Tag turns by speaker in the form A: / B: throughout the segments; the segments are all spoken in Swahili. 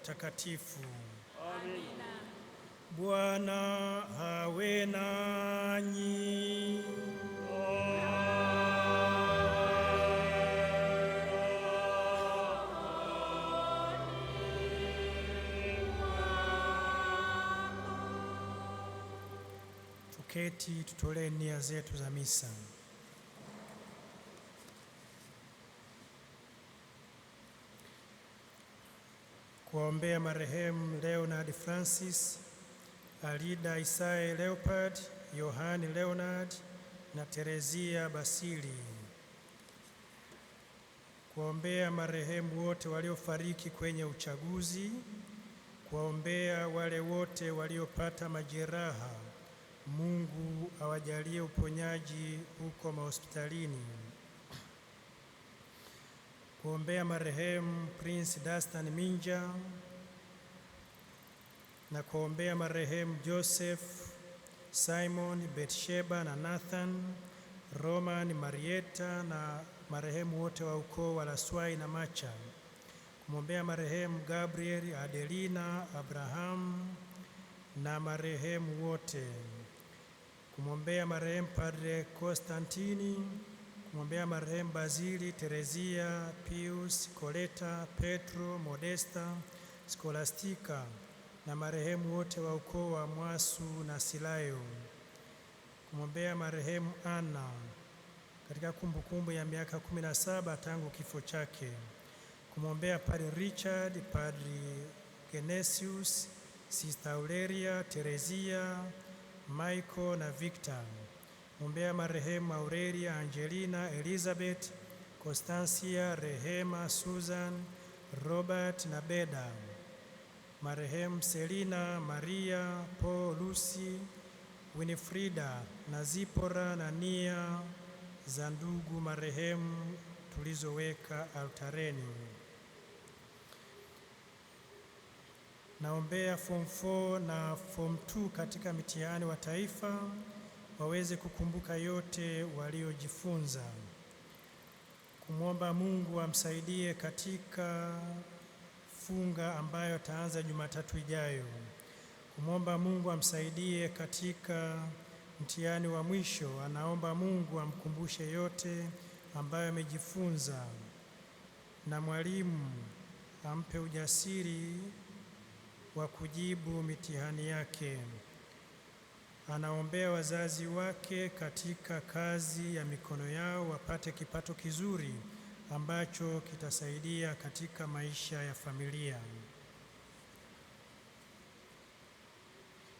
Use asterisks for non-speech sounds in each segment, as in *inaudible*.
A: Mtakatifu. Amina. Bwana awe nanyi. Tuketi, tutolee nia zetu za misa. kuwaombea marehemu Leonard Francis, Alida Isae Leopard, Yohani Leonard na Terezia Basili, kuwaombea marehemu wote waliofariki kwenye uchaguzi, kuwaombea wale wote waliopata majeraha. Mungu awajalie uponyaji huko mahospitalini kuombea marehemu Prince Dastan Minja na kuombea marehemu Joseph Simon Betsheba na Nathan Roman Marieta na marehemu wote wa ukoo wa Laswai na Macha, kumwombea marehemu Gabriel Adelina Abraham na marehemu wote, kumwombea marehemu Padre Constantini kumwombea marehemu Bazili, Terezia, Pius, Koleta, Petro, Modesta, Skolastika na marehemu wote wa ukoo wa Mwasu na Silayo, kumwombea marehemu Ana katika kumbukumbu ya miaka 17 tangu kifo chake, kumwombea Padre Richard, Padre Genesius, Sister Aurelia, Terezia, Michael na Victor ombea marehemu Aurelia, Angelina, Elizabeth, Constancia, Rehema, Susan, Robert na Beda. Marehemu Selina, Maria, Paul, Lucy, Winifrida na Zipora na nia za ndugu marehemu tulizoweka altareni. Naombea form 4 na form 2 katika mitihani wa taifa waweze kukumbuka yote waliojifunza, kumwomba Mungu amsaidie katika funga ambayo ataanza Jumatatu ijayo, kumwomba Mungu amsaidie katika mtihani wa mwisho. Anaomba Mungu amkumbushe yote ambayo amejifunza, na mwalimu ampe ujasiri wa kujibu mitihani yake anaombea wazazi wake katika kazi ya mikono yao wapate kipato kizuri ambacho kitasaidia katika maisha ya familia.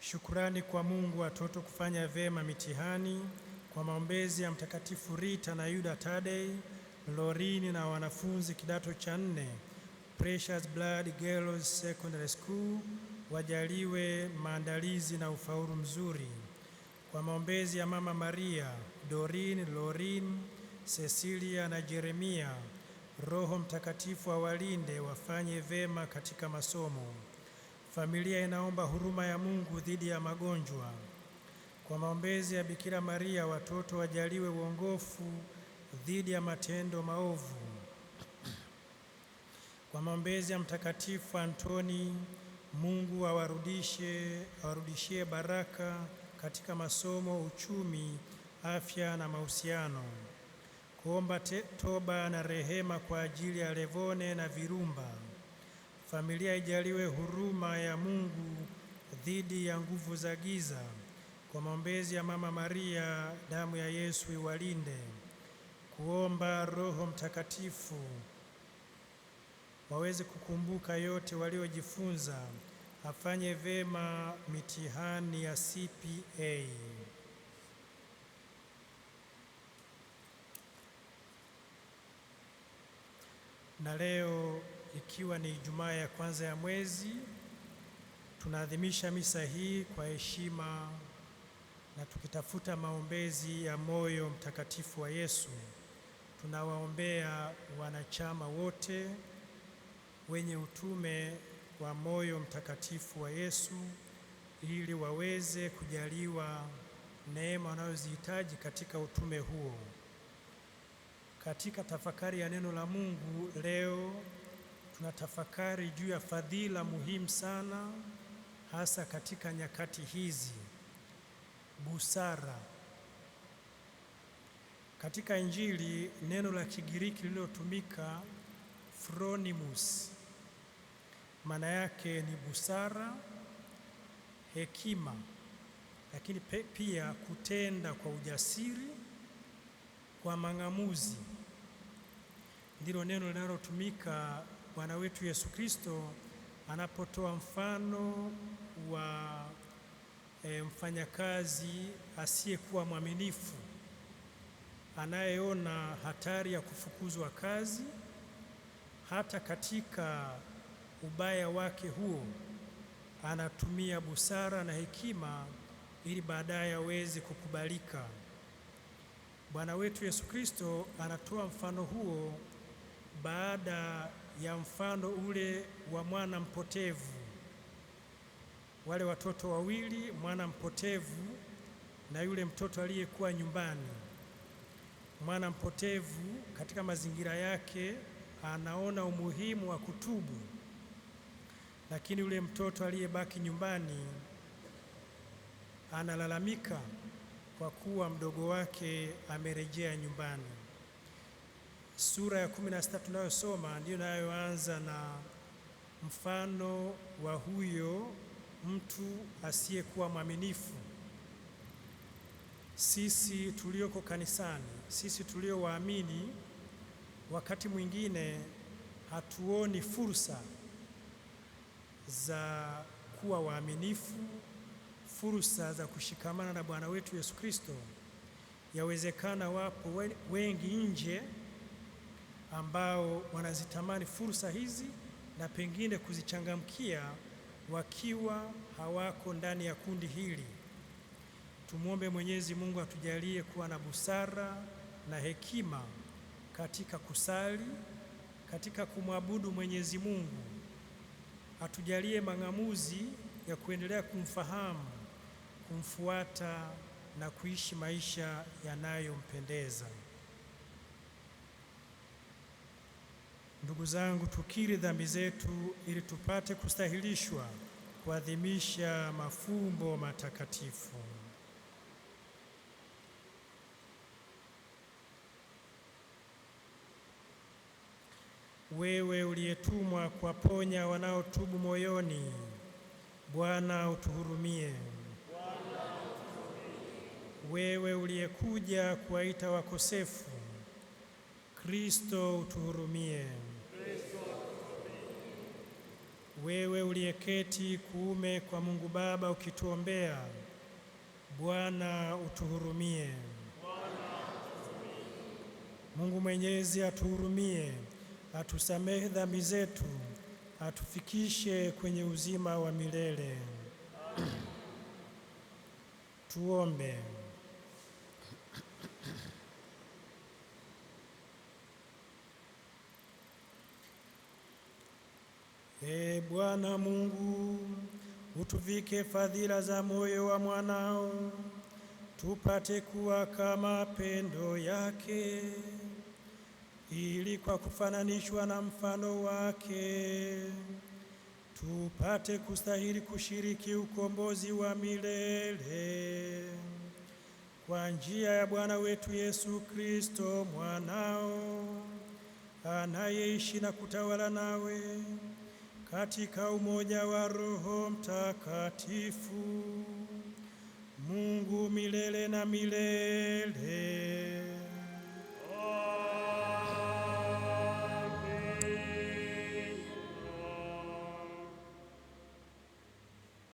A: Shukurani kwa Mungu watoto kufanya vyema mitihani kwa maombezi ya Mtakatifu Rita na Yuda Tadei, Lorini na wanafunzi kidato cha nne Precious Blood Girls Secondary School wajaliwe maandalizi na ufaulu mzuri. Kwa maombezi ya Mama Maria, Dorin, Lorin, Cecilia na Jeremia, Roho Mtakatifu awalinde wafanye vema katika masomo. Familia inaomba huruma ya Mungu dhidi ya magonjwa. Kwa maombezi ya Bikira Maria, watoto wajaliwe uongofu dhidi ya matendo maovu. Kwa maombezi ya Mtakatifu Antoni Mungu awarudishe awarudishie baraka katika masomo, uchumi, afya na mahusiano. Kuomba toba na rehema kwa ajili ya Levone na Virumba. Familia ijaliwe huruma ya Mungu dhidi ya nguvu za giza. Kwa maombezi ya Mama Maria, damu ya Yesu iwalinde. Kuomba Roho Mtakatifu waweze kukumbuka yote waliojifunza, afanye vema mitihani ya CPA. Na leo ikiwa ni Ijumaa ya kwanza ya mwezi, tunaadhimisha misa hii kwa heshima na tukitafuta maombezi ya moyo mtakatifu wa Yesu. Tunawaombea wanachama wote wenye utume wa moyo mtakatifu wa Yesu ili waweze kujaliwa neema wanayozihitaji katika utume huo. Katika tafakari ya neno la Mungu leo tunatafakari juu ya fadhila muhimu sana hasa katika nyakati hizi, busara. Katika Injili neno la Kigiriki lililotumika phronimus, maana yake ni busara, hekima, lakini pia kutenda kwa ujasiri, kwa mang'amuzi. Ndilo neno linalotumika Bwana wetu Yesu Kristo anapotoa mfano wa e, mfanyakazi asiyekuwa mwaminifu anayeona hatari ya kufukuzwa kazi hata katika ubaya wake huo, anatumia busara na hekima ili baadaye aweze kukubalika. Bwana wetu Yesu Kristo anatoa mfano huo baada ya mfano ule wa mwana mpotevu, wale watoto wawili, mwana mpotevu na yule mtoto aliyekuwa nyumbani. Mwana mpotevu katika mazingira yake anaona umuhimu wa kutubu lakini yule mtoto aliyebaki nyumbani analalamika kwa kuwa mdogo wake amerejea nyumbani. Sura ya kumi na sita tunayosoma ndiyo inayoanza na mfano wa huyo mtu asiyekuwa mwaminifu. Sisi tulioko kanisani, sisi tulio waamini, wakati mwingine hatuoni fursa za kuwa waaminifu, fursa za kushikamana na Bwana wetu Yesu Kristo. Yawezekana wapo wengi nje ambao wanazitamani fursa hizi na pengine kuzichangamkia wakiwa hawako ndani ya kundi hili. Tumwombe Mwenyezi Mungu atujalie kuwa na busara na hekima katika kusali, katika kumwabudu Mwenyezi Mungu atujalie mang'amuzi ya kuendelea kumfahamu, kumfuata na kuishi maisha yanayompendeza. Ndugu zangu, tukiri dhambi zetu ili tupate kustahilishwa kuadhimisha mafumbo matakatifu. wewe uliyetumwa kuwaponya wanaotubu moyoni, Bwana utuhurumie. Wewe uliyekuja kuwaita wakosefu, Kristo utuhurumie. Wewe uliyeketi kuume kwa Mungu Baba ukituombea, Bwana utuhurumie. Mungu Mwenyezi atuhurumie atusamehe dhambi zetu, atufikishe kwenye uzima wa milele.
B: *clears throat*
A: Tuombe. *clears throat* E Bwana Mungu, utuvike fadhila za moyo wa mwanao, tupate kuwa kama pendo yake ili kwa kufananishwa na mfano wake tupate kustahili kushiriki ukombozi wa milele kwa njia ya Bwana wetu Yesu Kristo mwanao, anayeishi na kutawala nawe katika umoja wa Roho Mtakatifu, Mungu milele na milele.